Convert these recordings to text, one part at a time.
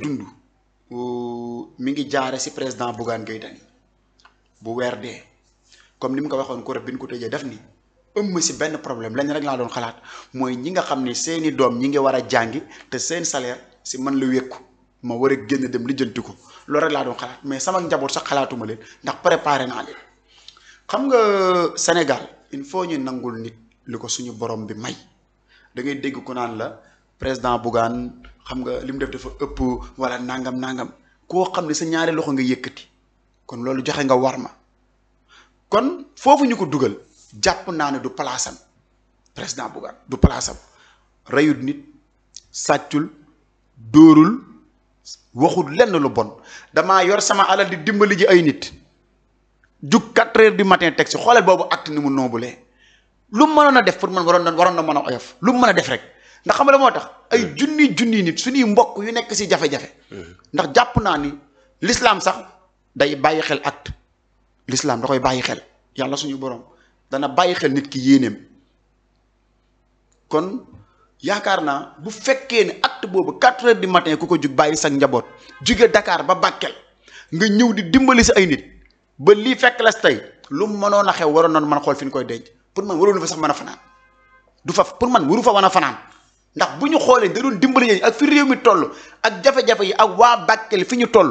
dund mu ngi jaare si président Bougane Gueye Dany bu weer de comme li mu ko waxoon ko rek bi ñu ko tëjee def ni ëmm si benn problème lañ rek laa doon xalaat mooy ñi nga xam ni seeni doom ñi ngi war a jàngi te seen salaire si man la wékku ma war a génn dem lijjanti ko loolu rek laa doon xalaat mais sama njaboot sax xalaatuma leen ndax préparé naa leen xam nga Sénégal il faut ñu nangul nit li ko suñu borom bi may da dégg ko naan la président Bougane xam nga li mu def dafa ëpp walla nangam nangam koo xam ne sa ñaari loxo nga yëkkati kon loolu joxe nga war ma kon foofu ñu ko dugal jàpp naa ne du palaasam président Bougane du palaasam reyul nit sàccul dóorul waxul lenn lu bon damaa yor sama alal di dimbali ji ay nit jug quatre heures du matin teg si xoolal boobu acte ni mu noobulee lu mu mënoon a def pour man waroon na waroon na mën a oyof lu mu mën a def rek. ndax xam nga moo tax eh. ay junni junni nit suñuy mbokk yu nekk si jafe-jafe eh. ndax jàpp naa ni lislaam sax day bàyyi xel acte lislaam da koy bàyyi xel yàlla suñu borom dana bàyyi xel nit ki yéeneem kon yaakaar naa bu fekkee ne acte boobu quatre heures du matin ku ko jug bàyyi sa njaboot jóge dakaar ba Bakel nga ñëw di dimbali si ay nit ba lii fekk la si tey lu mu mënoon a xew waroon nañu mën a xool fi ñu koy denc pour man waroon fa sax mën a fanaan du fa pour man waru fa man a fanaan ndax bu ñu xoolee da doon dimbali ñooñu ak fi réew mi toll ak jafe-jafe yi ak waa Bakel fi ñu toll.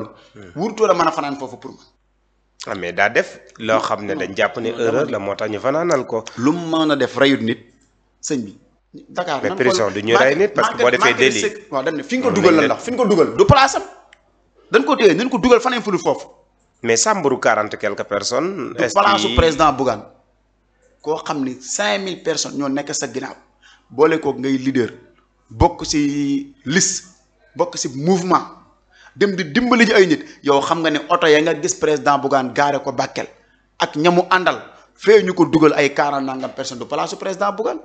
wurtoo la man a fanaan foofu pour ma. Ah, daa def loo xam ne dañ jàpp ne erreur la moo tax ñu fanaanal ko. lu mu mën a def rayut nit sëñ bi. Dakar mais prison du ñu rey nit parce que boo defee délit. waaw dañ ne fi ñu ko dugal la ndax fi ñu ko dugal du place am dañ ko téye nañ ko dugal faneen fulu foofu. mais sàmburu quarante quelques personnes. est-ce que palaasu président Bougane koo xam ni cinq mille personnes ñoo nekk sa ginnaaw boole ko ngay leader. bokk ci liste bokk ci mouvement dem di dimbali ji ay nit yow xam nga ne oto ya nga gis président Bougane gaare ko Bakel ak ñamu àndal fee ñu ko dugal ay quarante nangam personne du place président Bougane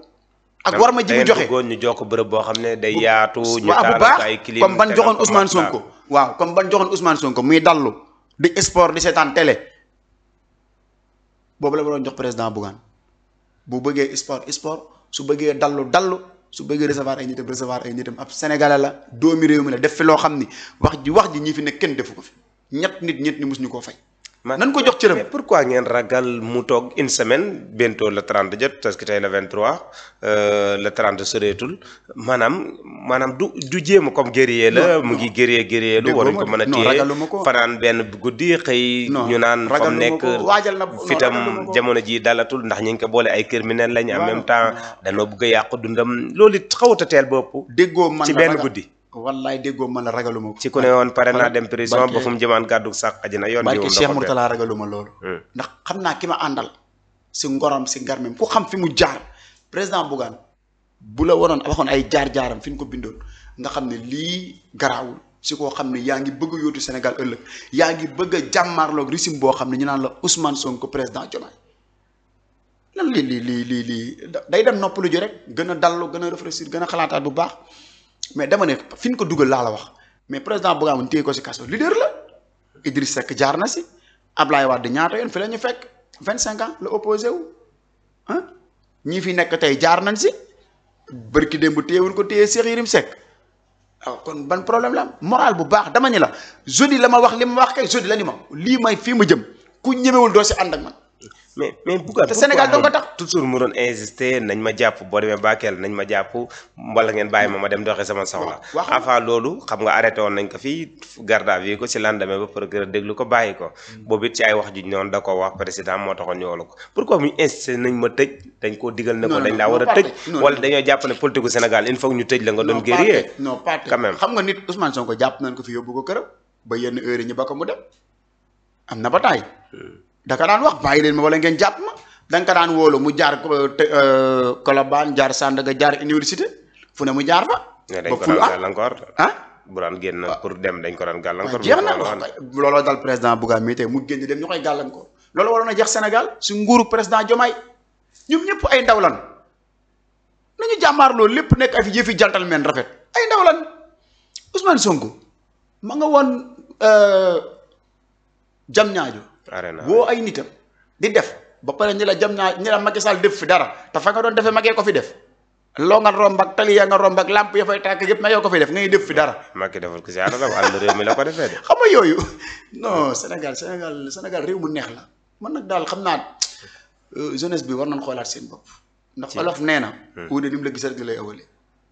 ak war ma ji mu joxe ñu jox ko bërëb boo xam ne day yaatu. ñu taaral ay clim comme ban joxoon Ousmane Sonko. waaw comme ban joxoon Ousmane Sonko muy dallu di sport di seetaan télé boobu la ma doon jox président Bougane bu bëggee sport sport su bëggee dallu dallu. su bëggee recevoir ay nitam recevoir ay nitam ab sénégalais la doomi réew mi la def fi loo xam ni wax ji wax ji ñi fi ne kenn defu ko fi ñett nit ñett ni mus ñu koo fay nan ko jox cëram mais pourquoi ngeen ragal mu toog une semaine bientôt le 30 jot parce que tey le 23 la 30 soreetul maanaam maanaam du du jéem comme guerrier la mu ngi guerrier guerrier lu waruñ ko mën a téye fanaan benn guddi xëy ñu naan fam nekk fitam jamono ji dalatul ndax ñu ngi ko boole ay criminel lañ en même temps danoo bëgg a yàqu dundam loolu it xawata teel bopp déggoo ci benn guddi wallaay déggoo man la ragaluma ko. ci ku ne woon pare naa dem prison ba fu mu gàddu gàddu sàq na yoon. bi woon Cheikh Mourtala ragaluma hmm. ndax xam naa ki ma àndal si ngoram si ngarmem ku xam fi mu jaar président Bougane bu la waroon waxoon ay jaar-jaaram fi ñu ko bindoon nga xam ne lii garaawul si koo xam ne yaa ngi bëgg a yóotu Sénégal ëllëg yaa ngi bëgg a jàmmaarloog régime boo xam ne ñu naan la Ousmane Sonko président Diomaye lan lii lii lii lii lii day dem noppalu ji rek gën a dallu gën a réfléchir gën a xalaataat bu baax mais dama ne fi ñu ko dugal laa la wax mais président Bougane téye ko si kaso leader la Idriss sekk jaar na si Ablaye Wade ñaata yoon fi la ñu fekk vingt cinq la opposé wu ah ñii fi nekk tey jaar nañ si bërki démb bu téyewuñ ko téye Cheikh Yérim Seck waaw kon ban problème la am moral bu baax dama ñu la jeudi la ma wax li ma wax kay jeudi la ni ma lii may fii ma jëm ku ñemewul doo si ànd ak ma mais mais Bougane te Sénégal dong ko tax toujours mu doon insister nañ ma jàpp boo demee Bakel nañ ma jàpp wala ngeen bàyyi ma ma dem doxee sama soxla. avant loolu xam nga arrêté woon nañ ko fii garde à vue ko si lendemain ba procureur déglu ko bàyyi ko. Hmm. boobu it ay wax ju noonu da ko wax président moo ko pourquoi mu insister nañ ma koo digal ne ko dañ laa war a tëj. jàpp ne politique gu Sénégal il faut ñu tëj la nga doon. guerrier non nga nit Ousmane Sonko jàpp nañ ko fi yóbbu ko këram ba yenn heure yi ñu ba ko mu dem am na taay da ka daan wax bàyyi leen ma wala ngeen jàpp ma da nga ko daan wóolu mu jaar euh, Colobane jaar Sandaga jaar université fu ne mu jaar fa. ba ful ah ah. bu daan génn pour dem dañ ko daan gàllankoor. jeex na looloo dal président Bougane mi tey mu génn dem ñu koy gàllankoor loolu waroon a jeex Sénégal su nguuru président Diomaye ñoom ñëpp ay ndaw lan nañu jàmmaar loolu lépp nekk ay yëfi gentleman rafet ay ndaw lan Ousmane Sonko nga woon jam euh, ñaajo woo ay nitam di def ba pare ñi la jam naa ñi la Macky Sall def fi dara te fa nga doon defee magee ko fi def loo nga romb ak tali yaa nga romb ak lamp ya fay tàkk yëpp ma yoo ko fay def ngay def fi dara. Macky defal ko si àll ba àll réew mi la ko defee de. yooyu non Sénégal Sénégal Sénégal réew mu neex la man nag daal xam naa euh, jeunesse bi war nañ xoolaat seen bopp. ndax olof nee na. Hmm. wuute ni la gis rek lay awalee.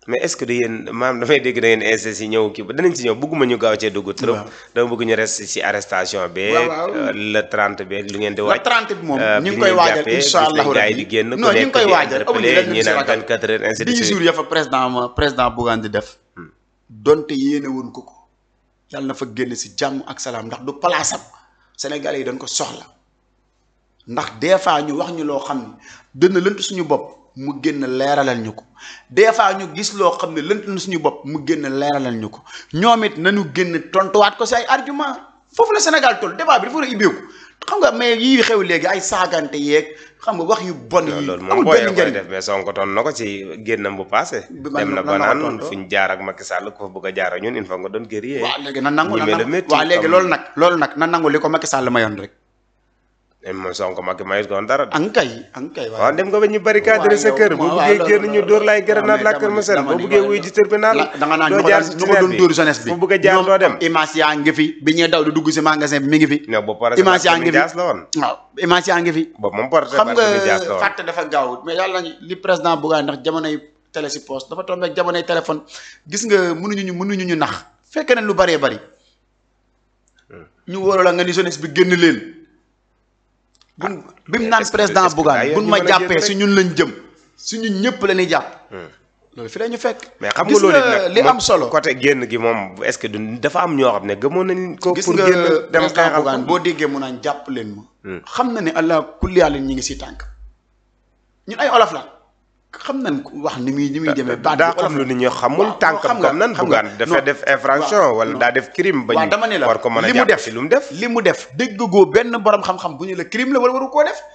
mais est-ce que du yéen maam dafay dégg da ngeen inceste si ñëw kii ba danañ si ñëw bëgguma ñu gaaw cee dugg trop dama bëgg ñu reste si arrestation bi euh, le 30 bi lu ngeen di waaj le 30 bi moom euh, ñu ngi koy waajal incha allah rabi di génn non ñu ngi koy waajal ñi naan 24 heures ainsi de suite jours ya fa président hmm. ko ko yàlla na fa génn si jàmm ak salaam ndax du palaasam sénégalais yi dañ ko soxla ndax des fois ñu wax ñu loo xam ne dënn lënt suñu bopp mu génn leeralal ñu ko des fois ñu gis loo xam ne lënt na suñu bopp mu génn leeralal ñu ko ñoom it nañu génn tontuwaat ko si ay argument foofu la Sénégal toll débat bi dafa a ibbeeku xew léegi ay saagante yeeg xam nga wax yu bon yi amul benn ko ci génnam bu passé dem na ba fu ñu jaar ak Macky Sall ko fa bëgg a ñun il faut nga doon guerrier na nangu na nangu waaw léegi loolu nag loolu nag na nangu li ko Macky Sall mayoon rek moom Sonko Macky mayut ko woon dara. ankay ankay waaw dem nga ba ñu barricade sa kër boo buggee génn ñu dóor laay grenade la kër Masar boo buggee wuy ci tribunal la doo jaar ci terrain bi boo a jaar doo dem image yaa ngi bi ñuy mi ngi fi image yaa ngi fi waaw image yaa ngi fi xam nga fàtte dafa gaaw mais yàlla nañu li président buggaa ndax jamonoy télé ci poste dafa tombé ak jamonoy téléphone gis nga mënuñu ñu mënuñu ñu nax fekk na lu bëree bëri ñu wóor la nga ni jeunesse bi génn leen buñ bi mu naan président Bougane buñ ma jàppee si ñun lañ jëm si ñun ñëpp la ñuy jàpp. Hmm. loolu fi dañu fekk. mais xam nga loolu li am solo. côté génn gi moom est-ce que du dafa am ñoo xam ne gëmoon nañ ko pour génn dem xeexal ko boo déggee mu naan jàpp leen ma. Hmm. xam na ni allah kulli àllin ñi ngi si tànk ñun ay olof la xam nañ ko wax ni muy ni muy demee. baat daa xam lu nit ñi xamul tànkam comme nan bugaan dafay def infraction wala daa def crime. ba ñu war ko mën a jàpp si lu mu def li mu def dégg goo benn borom xam-xam bu ñu la crime la wala waru koo def.